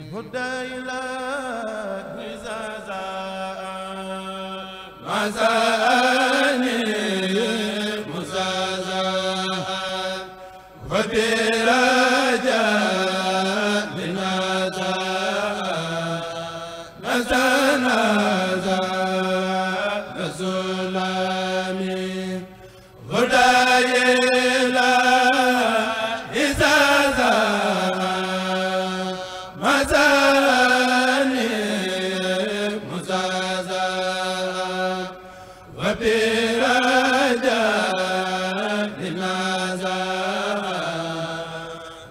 moo nazal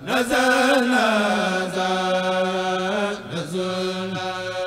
nazal nazal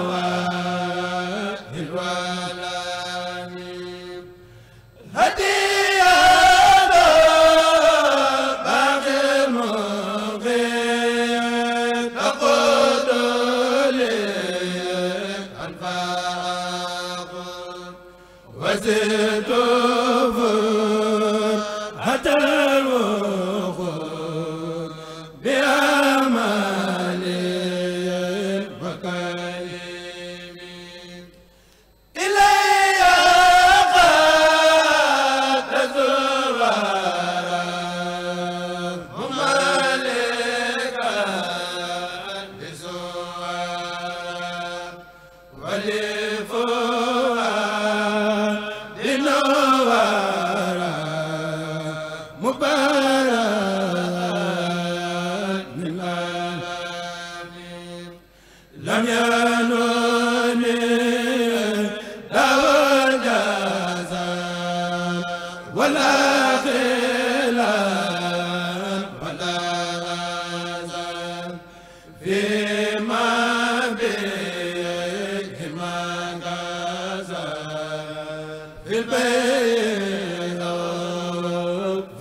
wasitu البيت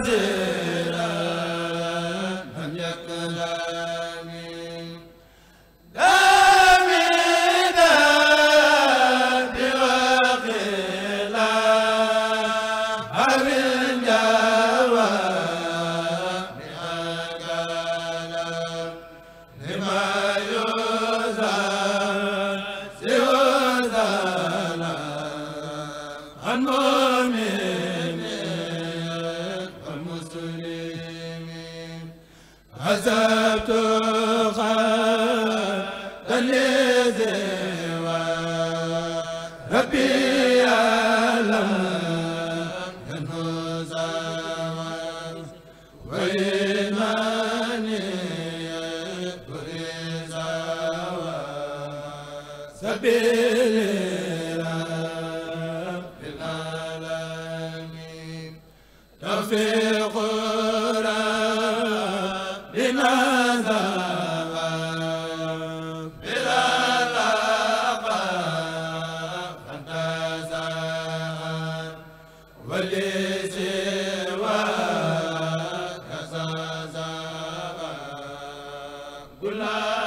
Benzema عذبت غدا kula